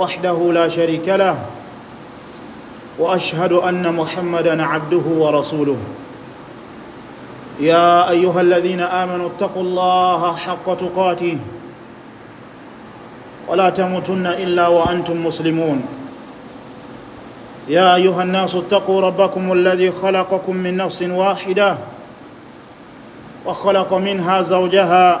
وحده لا شريك له وأشهد أن محمدا عبده ورسوله يا أيها الذين آمنوا اتقوا الله حق تقاته ولا تموتن إلا وأنتم مسلمون يا أيها الناس اتقوا ربكم الذي خلقكم من نفس واحدة وخلق منها زوجها وخلق منها زوجها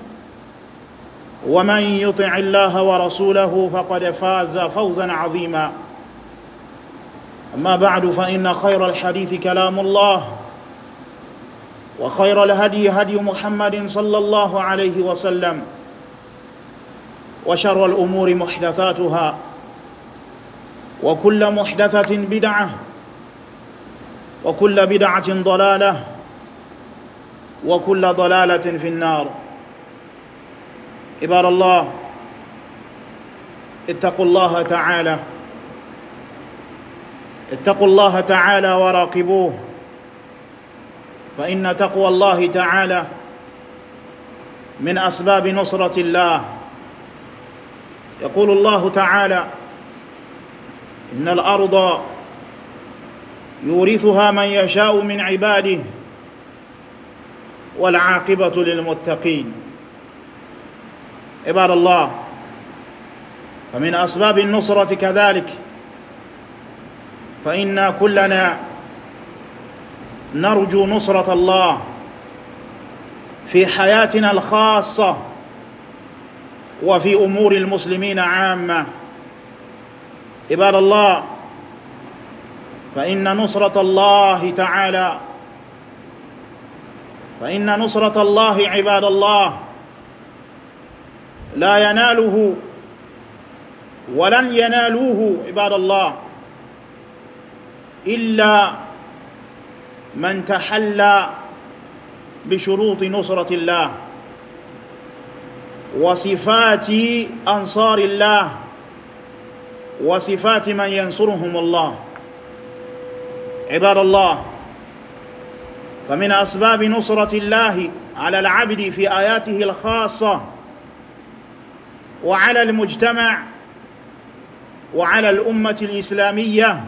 ومن يطع الله ورسوله فقد فاز فوزا عظيما أما بعد فإن خير الحديث كلام الله وخير الهدي هدي محمد صلى الله عليه وسلم وشر الأمور محدثاتها وكل محدثة بدعة وكل بدعة ضلالة وكل ضلالة في النار عباد الله اتقوا الله تعالى اتقوا الله تعالى وراقبوه فإن تقوى الله تعالى من أسباب نصرة الله يقول الله تعالى إن الأرض يورثها من يشاء من عباده والعاقبة للمتقين عباد الله فمن أسباب النصرة كذلك فإنا كلنا نرجو نصرة الله في حياتنا الخاصة وفي أمور المسلمين عامة عباد الله فإن نصرة الله تعالى فإن نصرة الله عباد الله لا يناله ولن ينالوه عباد الله إلا من تحلى بشروط نصرة الله وصفات أنصار الله وصفات من ينصرهم الله عباد الله فمن أسباب نصرة الله على العبد في آياته الخاصة وعلى المجتمع وعلى الأمة الإسلامية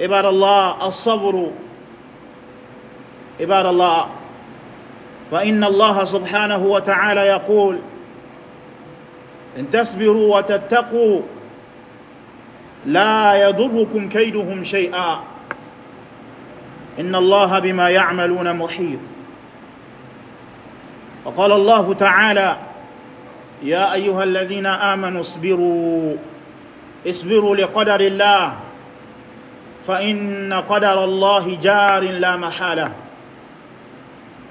عباد الله الصبر عباد الله فإن الله سبحانه وتعالى يقول إن تصبروا وتتقوا لا يضركم كيدهم شيئا إن الله بما يعملون محيط وقال الله تعالى يا أيها الذين آمنوا اصبروا اصبروا لقدر الله فإن قدر الله جار لا محالة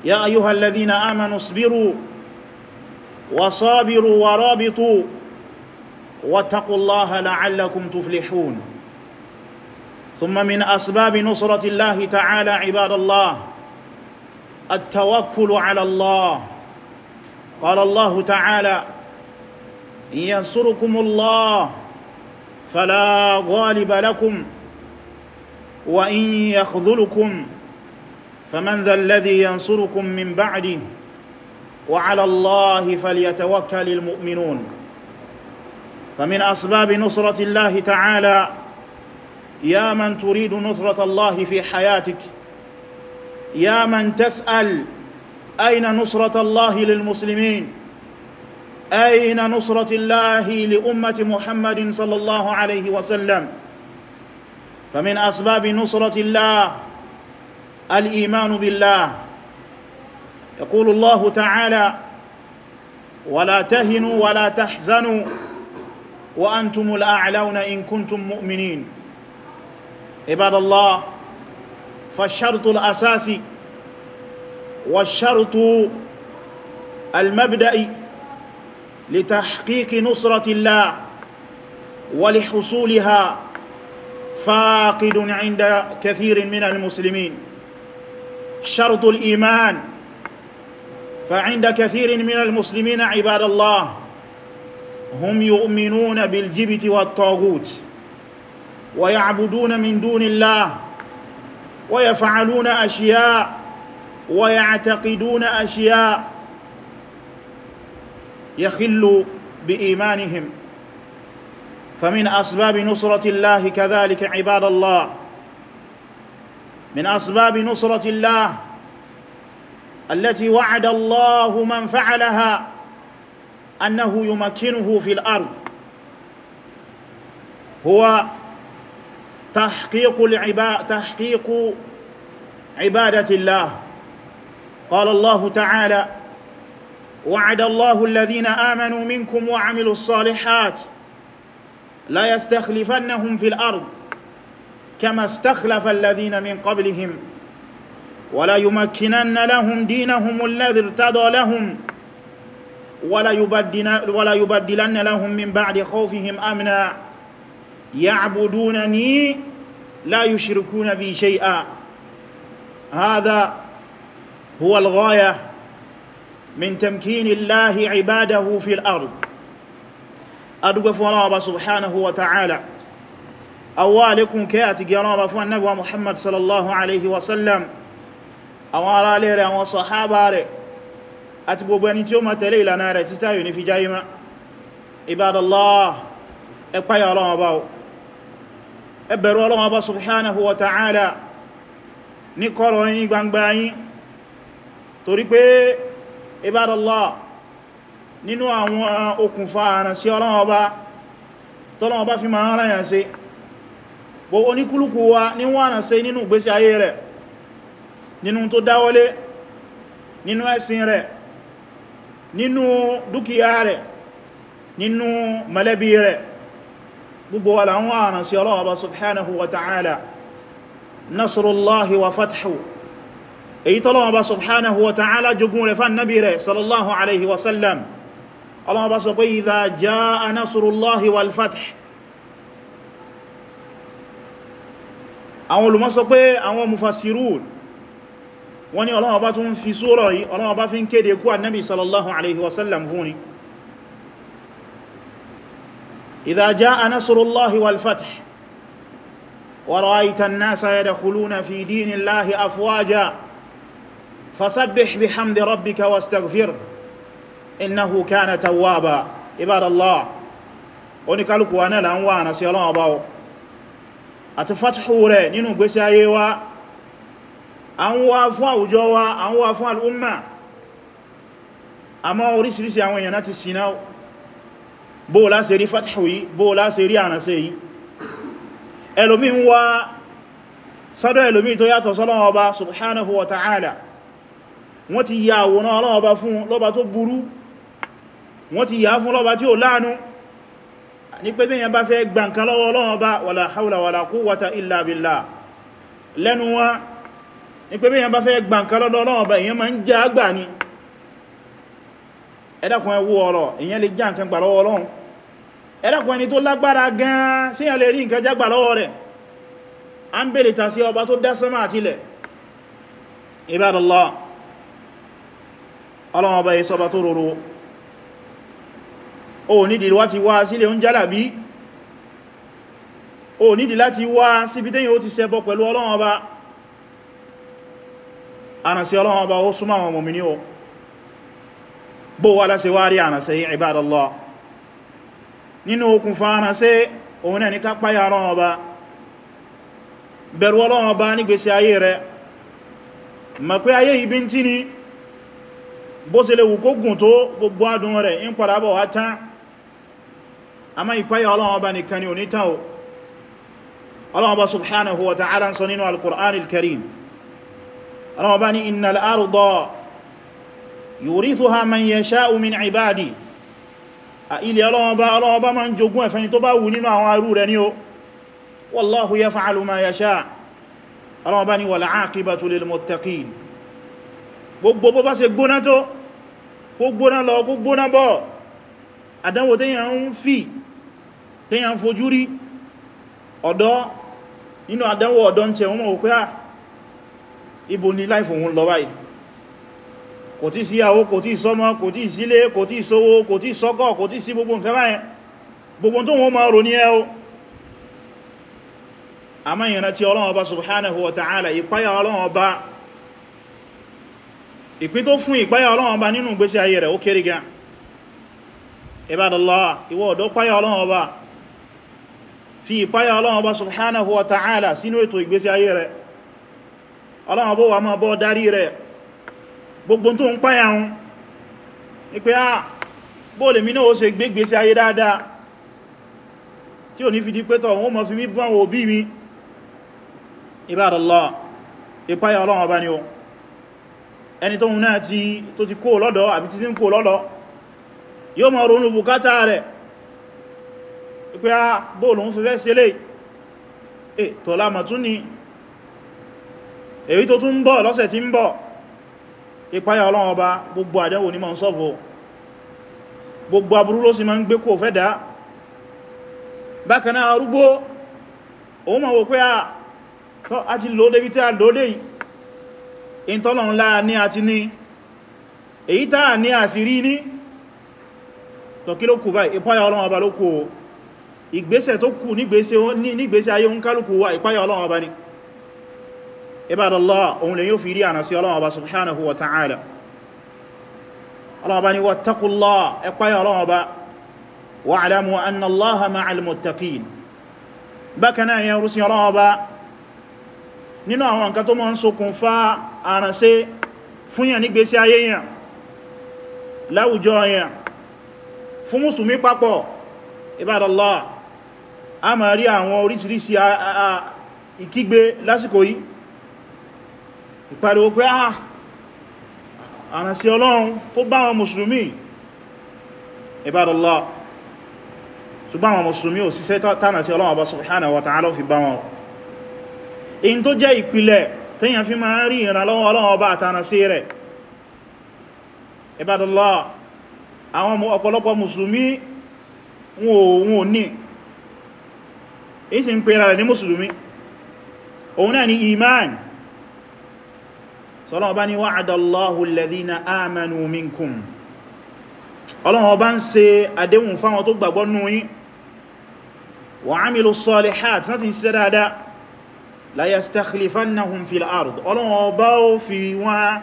يا أيها الذين آمنوا اصبروا وصابروا ورابطوا واتقوا الله لعلكم تفلحون ثم من أسباب نصرة الله تعالى عباد الله التوكل على الله قال الله تعالى ينصركم الله فلا غالب لكم وإن يخذلكم فمن ذا الذي ينصركم من بعده وعلى الله فليتوكل المؤمنون فمن أسباب نصرة الله تعالى يا من تريد نصرة الله في حياتك يا من تسأل أين نصرة الله للمسلمين أين نصرة الله لأمة محمد صلى الله عليه وسلم فمن أسباب نصرة الله الإيمان بالله يقول الله تعالى ولا تهنوا ولا تحزنوا وأنتم الأعلون إن كنتم مؤمنين عباد الله فالشرط الأساسي والشرط المبدئي لتحقيق نصرة الله ولحصولها فاقد عند كثير من المسلمين شرط الإيمان فعند كثير من المسلمين عباد الله هم يؤمنون بالجبت والطاغوت ويعبدون من دون الله ويفعلون أشياء ويعتقدون أشياء يخل بإيمانهم فمن أسباب نصرة الله كذلك عباد الله من أسباب نصرة الله التي وعد الله من فعلها أنه يمكنه في الأرض هو تحقيق, العباد تحقيق عبادة الله قال الله تعالى وعد الله الذين آمنوا منكم وعملوا الصالحات لا يستخلفنهم في الأرض كما استخلف الذين من قبلهم ولا يمكنن لهم دينهم الذي ارتضى لهم ولا يبدلن, ولا يبدلن لهم من بعد خوفهم أمنا يعبدونني لا يشركون بي شيئا هذا هو الغاية min tamkini Allahi ibadahu fil ard adúgbẹ́ fún ọlọ́wọ́ bá subhanahu wa ta'ala awọ́ alékún kẹ́ àti gẹ̀rọ bá fún annabuwa muhammad sallallahu alaihi wasallam àwọn ará alẹ́ rẹ̀ àwọn sọ̀hábà rẹ̀ àti gbogbo ẹni tí ó máa tẹ̀lé ìlànà rẹ̀ títà yìí ní fi jáyí má ibadallah ẹ Ibadallah nínú àwọn okùnfà àrànsí Ọlọ́run Ọba tọ́lọ́run Ọba fi ma ń ráyàn sí gbogbo oníkúlùkù wa ní wọ́n àrànsẹ́ nínú ìgbésí ayé rẹ̀ nínú tó dáwọlé nínú ẹ̀sìn rẹ̀ nínú dúkìá rẹ̀ nínú mọ̀lẹ́bí rẹ̀ gbogbo wa làwọn àrànsí Ọlọ́run Ọba subhanahu wa ta'ala nasrullahi wa fathu èyí tọ́lọ́wọ́ bá subhanahu wa ta'ala jogun rẹ̀ fán nabi rẹ̀ sallallahu alaihi wasallam Allah bá sọ pé idha jaa nasrullahi wal fath àwọn olùmọ̀ sọ pé àwọn mufassirun wọ́n ní Allah bá tún fi sura yìí Allah bá fi ń kéde kú annabi sallallahu alaihi wasallam fún ni idha jaa nasrullahi wal fath wa ra'aita an-nasa yadkhuluna fi dinillahi afwaja فسبح بحمد ربك واستغفر إنه كان توابا عباد الله oníkálùkù wa náà la ń wá ànà sí ọlọ́wọ́ báwọ̀ àti fàtíhù rẹ̀ nínú gbésí ayé wa a ń wá fún àwùjọ wa a ń wá fún al'umma àmọ́ orísìírísìí àwọn èèyàn láti síná bóò láṣe rí fàtíhù yìí bóò láṣe rí ànà sí yìí ẹlòmí ń wá sọ́dọ̀ ẹlòmí subhanahu wa ta'ala wọ́n ti ya àwòrán Ọlọ́run Ọba fún lọ́ba tó burú wọ́n ti ya fún lọ́ba tí ó láàánú ní pé bí èyàn bá fẹ́ gba nǹkan lọ́wọ́ Ọlọ́run Ọba wàlá haúlà wàlá quwwata illa billah lẹ́nu wá ní pé bí èyàn bá fẹ́ gba lọ́wọ́ Ọlọ́run ibadallah ọlọ́wọ́ bá ìsọba tó rọrọ o nídi láti wá sílé oúnjẹ àlàbí o nídi láti wá síbi tẹ́yìn ó ti ṣẹbọ pẹ̀lú ọlọ́wọ́ bá ànàsí ọlọ́wọ́ bá ó súnmọ́ àwọn mọ̀mí ní o bó wà láti wá rí ànàsí ibadallah nínú okùnfà ànàsí òun náà ní ọlọ́wọ́ bá bó ṣe lè wù kó gùn tó gbogbo adùn rẹ̀ ń padà bọ̀ wá tán a má ìpáyà Ọlọ́run Ọba nìkan ni onítàn o Ọlọ́run Ọba subhanahu wa ta'ala ń sọ nínú al-Qur'an al-Karim Ọlọ́run Ọba ní innal arda yurithuha man yasha'u min ibadi a ilẹ̀ Ọlọ́run bá gbogbo bó bá ṣe gbóná tó kó gbóná lọ kó gbóná bọ̀ àdánwò tẹ́yàn ń fi tẹ́yàn fojú rí ọ̀dọ́ nínú àdánwò ọ̀dọ́ ń tẹ wọ́n mọ̀ pé à ah, ibo ni life òun lọ báyìí kò tí sí ìyàwó kò tí sọ́mọ kò tí sílé kò tí sówó kò tí sọ́kọ̀ kò tí sí gbogbo ìpáyà Ọlọ́run Ọba ìpín tó fún ìpáyà Ọlọ́run Ọba nínú ìgbésí ayé rẹ̀ ó kéré gan Ibadallah ìwọ ọ̀dọ́ páyà Ọlọ́run Ọba fi ìpáyà Ọlọ́run Ọba subhanahu wa ta'ala sínú ètò ìgbésí ayé rẹ̀ Ọlọ́run Ọba wà máa bọ́ darí rẹ̀ gbogbo tó ń páyà hun ní pé á ah, bóòlè mi náà ó ṣe gbé ìgbésí ayé ìpáyà Ọlọ́run Ọba ni ohun ẹni tó náà ti tó ti kó lọ́dọ̀ àbí títí ń kó lọ́dọ̀ yóò máa ronú bùkátà rẹ̀ pé a ah, bóòlù ń fi fẹ́ sílé e eh, tọ́lá mà tún ni èyí tó tún ń bọ̀ lọ́sẹ̀ tí ń bọ̀ ìpáyà Ọlọ́run Ọba gbogbo àdánwò ní ma ń sọ́fò gbogbo aburú ló sì ma ń gbé kó fẹ́ dá bákan arúgbó òun ma wò pé ah, a ti lò débi tí a lò yìí in tọ́lọ̀n láà ní àti ní èyí táà ní àsìrí ní tọ̀kí ló kù báyìí ìpáyà Ọlọ́run ọba ló kù o ìgbésẹ̀ tó kù nígbésẹ̀ ayé ń kálùkù wà ìpáyà Ọlọ́run ọba ni ibadallah ohun lè yóò fi rí ànà sí Ọlọ́run ọba subhanahu wa ta'ala nínú àwọn nǹkan tó mọ́ ń ṣokùnfà aránṣẹ́ fúnyàn ní gbésí ayé yàn láwùjọ yàn fún mùsùlùmí papọ̀ ibadallah a ma rí àwọn a ìkígbe lásìkò yìí ìpariwo pé ah aránṣẹ́ ọlọ́run kó bá àwọn mùsùlùmí ibadallah ṣùgbọ́n àwọn mùsùlùmí ò síṣẹ́ tánà sí ọlọ́run ọba subhanahu wa ta'ala fi bá wọn in tó jẹ́ ìpìlẹ̀ tẹ́yàn fi máa rí ìrànlọ́wọ́ Ọlọ́run Ọba àtàrà sí rẹ̀ Ibadallah àwọn ọ̀pọ̀lọpọ̀ mùsùlùmí wọn ò ní ìsì ń pèrà rẹ̀ ní mùsùlùmí òun náà ni iman sọ́lọ́wọ́ Ọba ni wa'adallahu alladhina amanu wa amilu salihat ṣe dáadáa la yastakhlifannahum fil ard ọlọ́run ọba ó fi wọ́n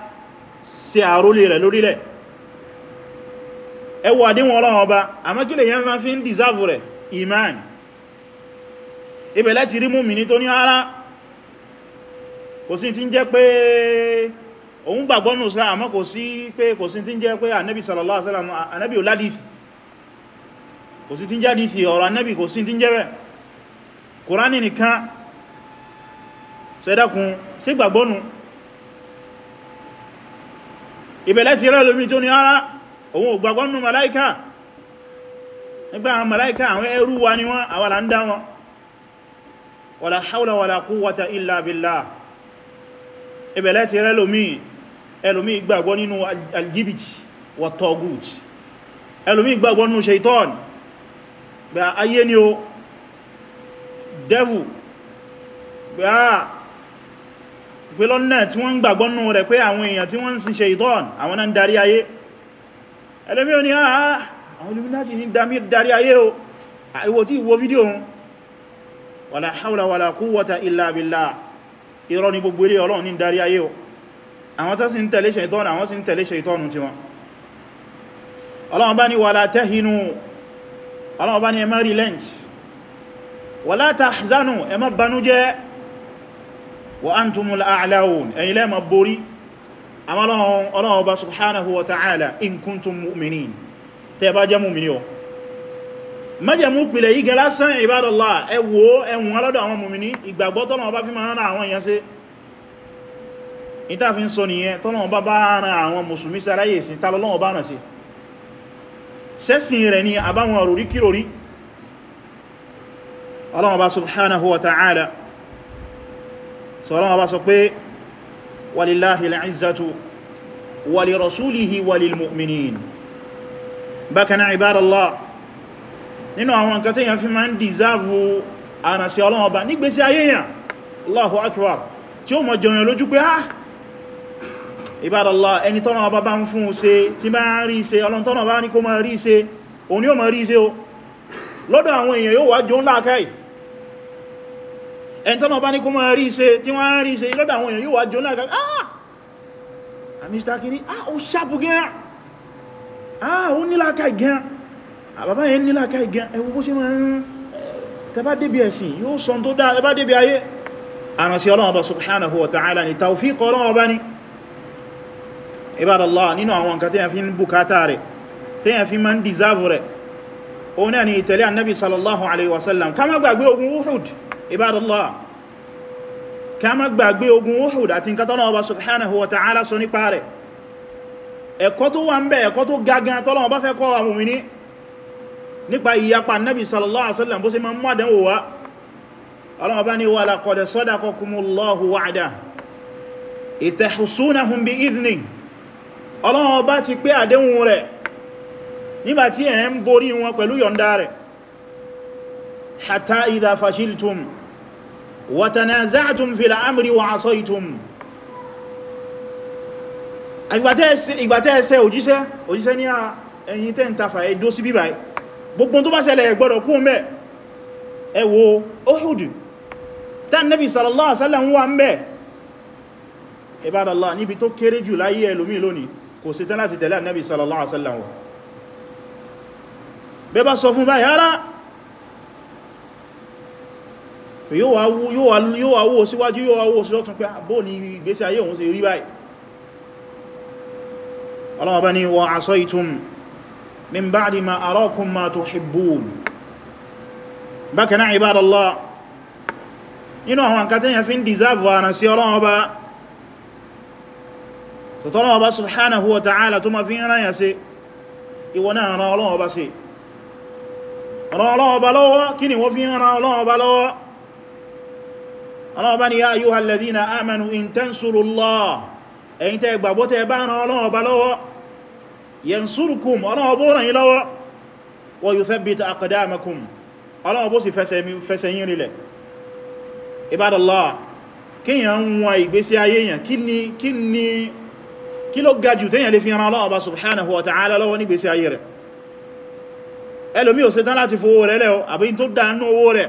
ṣe àrólé rẹ̀ lórílẹ̀ ẹwọ àdíwọn ọlọ́run ọba àmọ́kílẹ̀ yẹn máa fi ń dìsáàbù rẹ̀ iman ibẹ̀ láti rí mùmínì tó ní ara kò sí tí ń jẹ́ pé òun gbàgbọ́ nù Islam àmọ́ kò sí pé kò sí tí ń jẹ́ pé ànábì sallallahu so ẹ̀dàkùn sí gbàgbọ́nù ìbẹ̀lẹ̀ ti rẹ̀ lómi tó ní ara òun ògbàgbọ́nù màláíkà nígbà àwọn màláíkà àwọn ẹrú wa ni wọ́n àwàlà ń dá wọn wàlá haúlà wàlá quwwata illa billah ìbẹ̀lẹ̀ ti rẹ̀ lómi ẹlòmí ìgbàgbọ́ nínú aljibiti wa togut ẹlòmí ìgbàgbọ́ nínú shaitan bẹ̀ ayé ni o devil bẹ̀ ah, pé lọ́nà tí wọ́n ń gbàgbọ́ nù rẹ̀ pé àwọn èèyàn tí wọ́n ń sin ṣaitan àwọn náà ń darí ayé ẹlẹ́mí o ní àá ah, ah, àwọn illuminati ní darí ayé o ah, ìwò tí ìwò fídíò hun wala hawla wala quwwata illa billah irọ́ ni gbogbo ilé ọlọ́run ní darí ayé o àwọn tó sì ń tẹ̀lé ṣaitan àwọn sì wa antumul a'laun ẹ̀yin lẹ máa borí àmọ́ Ọlọ́run Ọba subhanahu wa ta'ala in kuntum mu'minin tẹ́ bá jẹ́ mu'mini o májẹ̀mú pìlẹ̀ yí gẹ́lá sán ìbádọ́lá ẹwọ́ ẹwùn alọ́dọ̀ àwọn mùmìní ìgbàgbọ́ tọ́nà ọba fi máa ń ra àwọn èèyàn sí ìtàfin sọ nìyẹn tọ́nà ọba bá sọ́rọ̀ ọba sọ pé walillahi al'izzatu wali rasulihi walil mu'minin bákaná ibadallah nínú àwọn nǹkan tí yàn fi ma ń dìzáàbù àrànṣẹ́ ọlọ́run ọba nígbésí ayéyàn allahu akbar tí ó mọ̀ jẹun lójú pé ah ibadallah ẹni tọ́nà ọba bá ń fún ṣe tí bá ń rí ṣe ọlọ́run tọ́nà ní kó máa rí ṣe òun ó máa rí ṣe o lọ́dọ̀ àwọn èèyàn yóò wá ńlá káì ẹntọ́nà bá ní kó máa rí iṣẹ́ tí wọ́n rí iṣẹ́ lọ́dọ̀ àwọn èèyàn yóò wá jóná àgbà ah! ah mr kini ah ó ṣàpù gan ah ó níláka gan ah, àbábá yẹn níláka gan ẹwọ bó ṣe máa ń eh, tẹbá débi ẹ̀sìn yóò sọ tó dáa tẹbá débi ayé àrànsí ọlọ́wọ́ bá subhanahu wa ta'ala ni tawfiq ọlọ́wọ́ bá ní ibadallah nínú àwọn tẹ́yàn fi ń ń deserve rẹ̀ òun náà ni ìtẹ̀lé annabi sallallahu alaihi wasallam ká má gbàgbé ogun Uhud ibadallah ká má gbàgbé ogun Uhud àti nǹkan tọ́lọ́wọ́ bá subhanahu wa ta'ala sọ nípa rẹ̀ ẹ̀kọ́ tó wà ń bẹ ẹ̀kọ́ tó gagan tọ́lọ́wọ́ bá fẹ́ kọ́ àwọn òmìnì nípa ìyapa nabi sallallahu alaihi wasallam bó ṣe ma ń mú àdánwò wá ọlọ́wọ́ bá ní wa laqad sadaqakumullahu وتنازعتم في الامر وعصيتم ìgbàtẹ́ ẹsẹ́ òjíṣẹ́ òjíṣẹ́ ní ẹ̀yìn tẹ́ ń tafà ẹjọ́ sí bíbá gbogbo tó bá ṣẹlẹ̀ ẹgbọ́dọ̀ kú mẹ́ ẹ wò Uhud tán Nabi sallallahu alaihi wasallam wà ń bẹ̀ Ibadallah níbi tó kéré jù láyé ẹlòmí lónìí kò sí so yóò wá wó síwájú yóò wá wó sí lọ́tún pé ah, bó ní ìgbésí ayé òun ṣe rí báyìí Allah bá ní wa asaytum min ba'di ma arakum ma tuhibbun bákan náà ibadallah nínú àwọn nǹkan tẹ́yàn fi ń dìzáàbù ara sí ọlọ́run ọba tọ́lọ́run ọba subhanahu wa ta'ala tó ma fi ń ráyà sí ìwọ fi ń ran ọlọ́ọ̀bá ni ya ayyuhal ladhina amanu in tansurullah ẹ̀yin tẹ́ gbàgbọ́ tẹ́ bá ràn ọlọ́ọ̀bá lọ́wọ́ yansurkum ọlọ́ọ̀bá ràn yí lọ́wọ́ wa yuthabbit aqdamakum ọlọ́ọ̀bá sì fẹsẹ̀ yín rilẹ̀ ibadallah kíyàn ń wọn ìgbésí ayé fi ran rẹ̀ ẹlòmí àbí tó dánú owó rẹ̀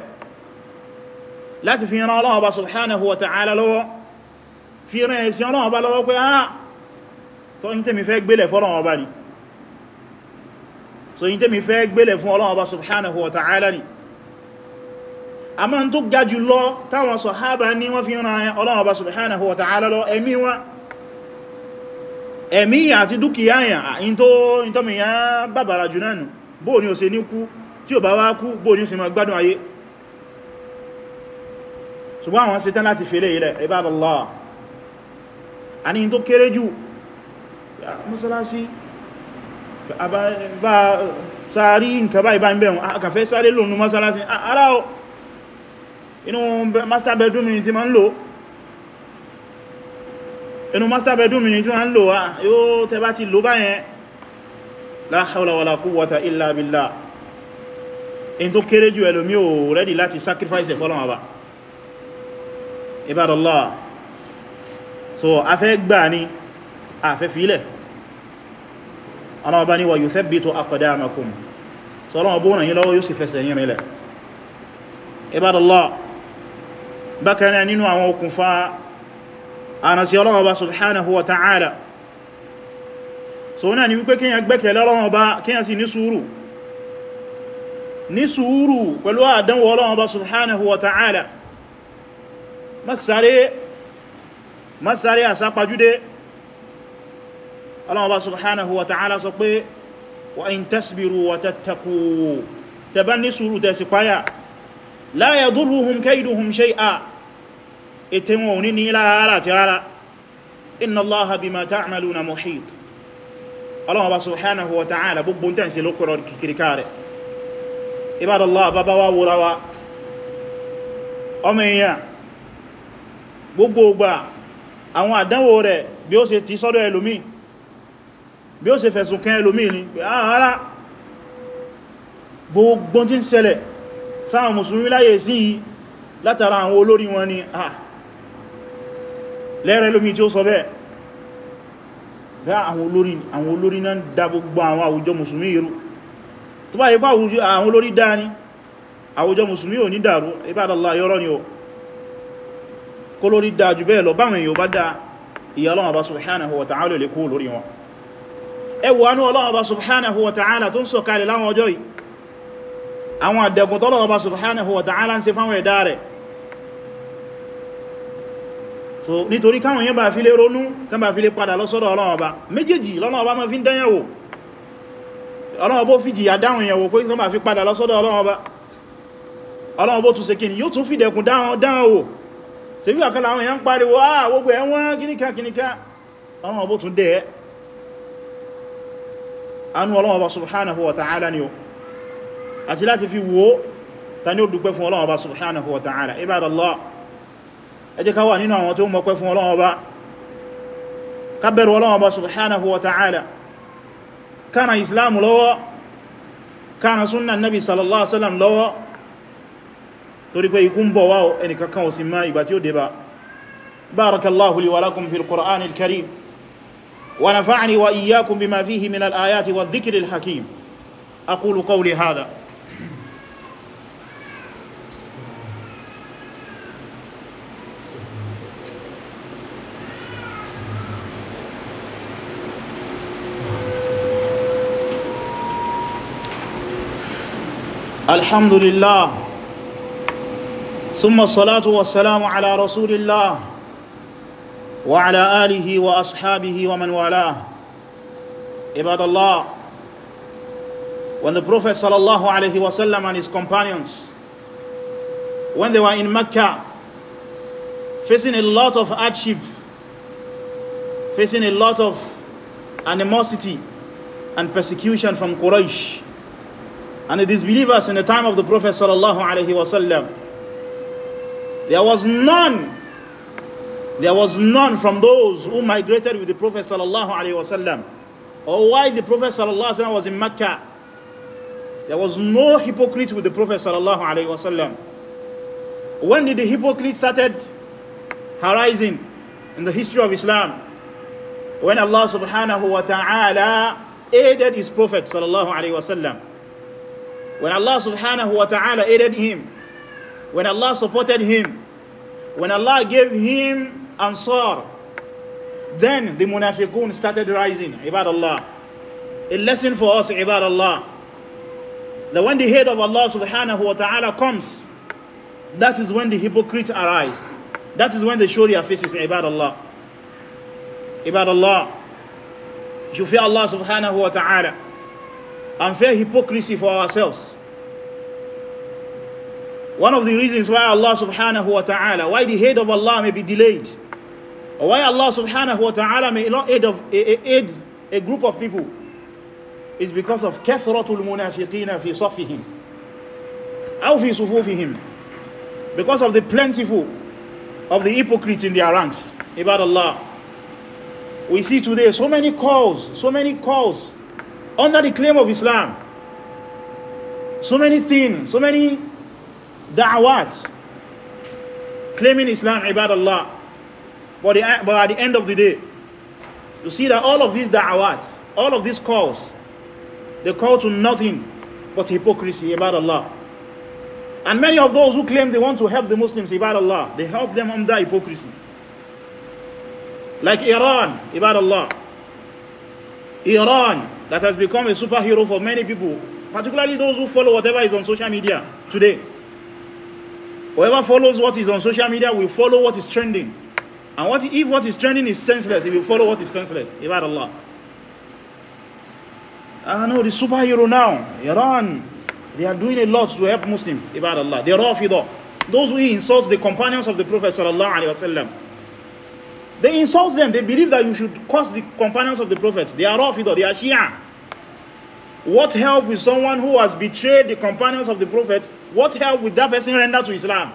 láti fi ran Ọlọ́hun Ọba subhanahu wa ta'ala lọ́wọ́ fi ran ẹ̀sìn Ọlọ́hun Ọba lọ́wọ́ pé ah tó yí tẹ́mi fẹ́ gbélẹ̀ fún Ọlọ́hun Ọba so yí tẹ́mi fẹ́ gbélẹ̀ fún Ọlọ́hun Ọba subhanahu wa ta'ala ni a ma ń tó ga jù lọ táwọn sọ̀hábà ní wọ́n fi ran Ọlọ́hun Ọba subhanahu wa ta'ala lọ ẹ̀mí wọn ẹ̀mí àti dúkìá yàn àyín tó ìtọ́mìyàn bàbàrà jù náà bóò ni ó ṣe ní tí ò bá wá kú bóò ni ó ṣe máa gbádùn ayé ṣùgbọ́n àwọn ṣetán láti fi eléyìí lẹ̀ ibadallah a ní tó kéré jù mọ́sálásí bá sáàrí nǹkan báyìí bá ń bẹ̀rún àkàfẹ́ sáré lónú mọ́sálásí ara o inú master bedroom ni tí ma ń lò inú master bedroom ni tí ma ń lò yóò tẹ́ bá ti lò báyẹn la hawla wala illa billah in tó kéré jù ẹlòmí ò rẹ́dì láti sacrifice ẹ̀fọ́lọ́wọ́ bá Ibadallah so a fẹ́ gbà ní a fẹ́ fílẹ̀ ọlọ́ọ̀bá ni wa yuthabbitu aqdamakum so ọlọ́ọ̀bá wọ́n yí lọ́wọ́ yóò sì fẹsẹ̀ yìn rìnlẹ̀ Ibadallah bákan náà nínú àwọn okùnfà ànàsí ọlọ́ọ̀bá subhanahu wa ta'ala so náà ni wípé kíyàn gbẹ́kẹ̀lé ọlọ́ọ̀bá kíyàn sì ní sùúrù ní sùúrù pẹ̀lú àdánwò ọlọ́ọ̀bá subhanahu wa ta'ala má sáré àsápajúdé Allah subhanahu wa ta'ala sọ pé wa in tasbiru wa tattaku tẹbá ní sùúrù tẹ̀sí páyà la yadurruhum kayduhum shay'a ètè wọn ò ní ní lára àti ara inna Allaha bima ta'maluna muhit Allah subhanahu wa ta'ala gbogbo tẹ̀sí lókùrọ̀ kìkìríkà rẹ̀ ibadallah bàbá wa wúrawa gbogbo ìgbà àwọn àdánwò rẹ̀ bí ó ṣe ti sọ́dọ̀ ẹlòmí bí ó ṣe fẹ̀sùn kẹ́ ẹlòmí ni ah, ara gbogbo tí ń ṣẹlẹ̀ sáwọn mùsùlùmí láyé sí látara àwọn olórí wọn ni à ah, lẹ́rẹ̀ lómi tí ó sọ bẹ́ẹ̀ bẹ́ àwọn olórí àwọn olórí náà dá gbogbo àwọn àwùjọ mùsùlùmí irú tó bá ipá àwọn olórí dá ní àwùjọ mùsùlùmí ò ní dàrú ibádàlá yọ́rọ́ ni o kó lórí dáa jù bẹ́ẹ̀ lọ báwọn èèyàn bá dáa ìyà Ọlọ́run bá subhanahu wa ta'ala lè kó lórí wọn ẹwọ anú Ọlọ́run bá subhanahu wa ta'ala tó ń sọ kalẹ̀ láwọn ọjọ́ àwọn àdẹ̀kùn tọ́lọ́run subhanahu wa ta'ala ń ṣe fáwọn ẹ̀dá rẹ̀ so bó tún ṣe yóò tún fìdẹ̀kùn dáwọn wò ṣe bí àkànlá àwọn èèyàn ń pariwo ah gbogbo ẹ̀wọ́n kíníkà kíníkà ọlọ́wọ́ bó tún dẹ̀ anú e. ọlọ́wọ́ bá subhanahu wa ta'ala ni o àti láti fi wo ta ní ó dúpẹ́ fún ọlọ́wọ́ bá subhanahu wa ta'ala ibadallah ẹ ká wà nínú àwọn tó mọ̀pẹ́ fún ọlọ́wọ́ bá torí pé ikú ń bọ̀ wá ẹnìkankan ò sí má ìgbà tí ó dé bá barakallahu li wa lakum fil qur'an al-karim wa nafa'ani wa iyyakum bima fihi min al-ayati wa dhikri al-hakim aqulu qawli hadha alhamdulillah ثم الصلاة والسلام على رسول الله وعلى آله وأصحابه ومن والاه عباد Allah when the Prophet الله عليه وسلم and his companions when they were in Mecca facing a lot of hardship facing a lot of animosity and persecution from Quraysh and the disbelievers in the time of the Prophet sallallahu alaihi wasallam There was none. There was none from those who migrated with the Prophet sallallahu alaihi wasallam. Or why the Prophet sallallahu alaihi wasallam was in Mecca. There was no hypocrite with the Prophet sallallahu alaihi wasallam. When did the hypocrite started arising in the history of Islam? When Allah subhanahu wa ta'ala aided his Prophet sallallahu alaihi wasallam. When Allah subhanahu wa ta'ala aided him. When Allah supported him when Allah gave him Ansar, then the munafiqun started rising. Ibad Allah. A lesson for us, Ibad Allah. That when the head of Allah subhanahu wa ta'ala comes, that is when the hypocrites arise. That is when they show their faces, Ibad Allah. Ibad Allah. You fear Allah subhanahu wa ta'ala. And fear hypocrisy for ourselves. one of the reasons why Allah subhanahu wa ta'ala why the aid of Allah may be delayed or why Allah subhanahu wa ta'ala may not aid, of, aid a group of people is because of kathratul munafiqina fi safihim aw fi sufufihim because of the plentiful of the hypocrites in their ranks about Allah we see today so many calls so many calls under the claim of Islam so many things so many da'awat claiming Islam ibadallah but, the, but at the end of the day you see that all of these da'awat all of these calls they call to nothing but hypocrisy ibadallah and many of those who claim they want to help the Muslims ibadallah they help them under hypocrisy like Iran ibadallah Iran that has become a superhero for many people particularly those who follow whatever is on social media today whoever follows what is on social media will follow what is trending and what if what is trending is senseless if you follow what is senseless ibad Allah I ah, know the superhero now Iran they are doing a lot to help Muslims ibad Allah they are Rafida those who insult the companions of the Prophet sallallahu alaihi wasallam they insult them they believe that you should curse the companions of the Prophet they are Rafida they are Shia what help with someone who has betrayed the companions of the Prophet what help will that person render to Islam?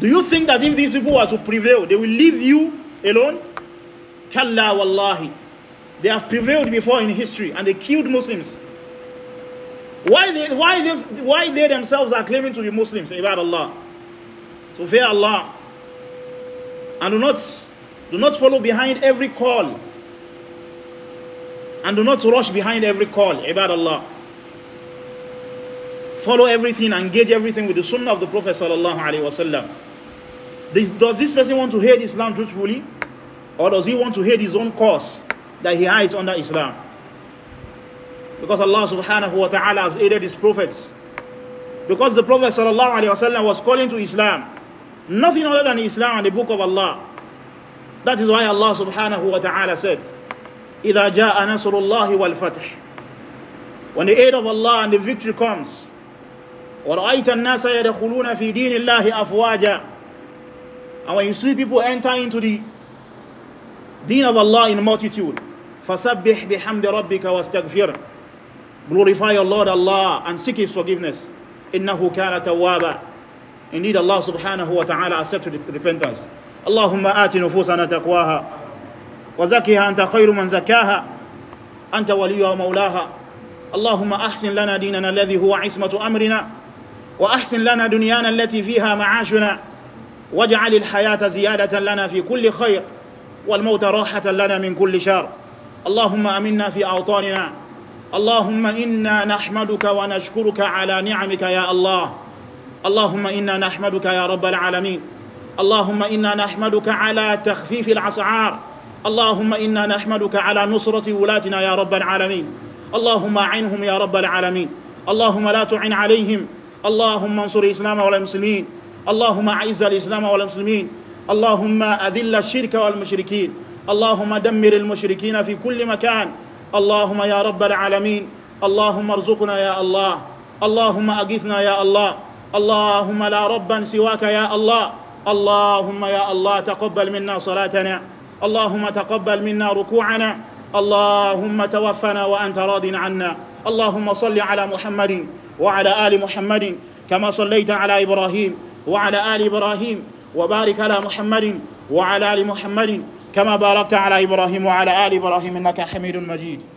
Do you think that if these people were to prevail, they will leave you alone? Kalla wallahi. They have prevailed before in history and they killed Muslims. Why they, why they, why they themselves are claiming to be Muslims? Ibad Allah. So fear Allah. And do not, do not follow behind every call. And do not rush behind every call. Ibad Allah. follow everything engage everything with the sunnah of the Prophet sallallahu alaihi wasallam. Does this person want to hate Islam truthfully? Or does he want to hate his own cause that he hides under Islam? Because Allah subhanahu wa ta'ala has aided his prophets. Because the Prophet sallallahu alaihi wasallam was calling to Islam. Nothing other than Islam and the book of Allah. That is why Allah subhanahu wa ta'ala said, إِذَا جَاءَ نَصْرُ اللَّهِ وَالْفَتْحِ When the aid of Allah and the victory comes, ورأيت الناس يدخلون في دين الله أفواجا and when you see people enter into the deen of Allah in multitude فَسَبِّحْ بِحَمْدِ رَبِّكَ وَاسْتَغْفِرْ glorify your Lord Allah and seek His forgiveness إِنَّهُ كَانَ تَوَّابًا indeed Allah سبحانه وتعالى ta'ala accepted repentance اللهم آت نفوسنا تقواها وزكها أنت خير من زكاها أنت وليها ومولاها اللهم أحسن لنا ديننا الذي هو عصمة أمرنا وأحسن لنا دنيانا التي فيها معاشنا واجعل الحياة زيادة لنا في كل خير والموت راحة لنا من كل شر اللهم أمنا في أوطاننا اللهم إنا نحمدك ونشكرك على نعمك يا الله اللهم إنا نحمدك يا رب العالمين اللهم إنا نحمدك على تخفيف الأسعار اللهم إنا نحمدك على نصرة ولاتنا يا رب العالمين اللهم أعنهم يا رب العالمين اللهم لا تعن عليهم اللهم انصر الإسلام والمسلمين اللهم أعز الإسلام والمسلمين اللهم أذل الشرك والمشركين اللهم دمر المشركين في كل مكان اللهم يا رب العالمين اللهم ارزقنا يا الله اللهم أغثنا يا الله اللهم لا ربا سواك يا الله اللهم يا الله تقبل منا صلاتنا اللهم تقبل منا ركوعنا اللهم توفنا وأنت راض عنا اللهم صل على محمد وعلى آل محمد كما صليت على إبراهيم وعلى آل إبراهيم وبارك على محمد وعلى آل محمد كما باركت على إبراهيم وعلى آل إبراهيم إنك حميد مجيد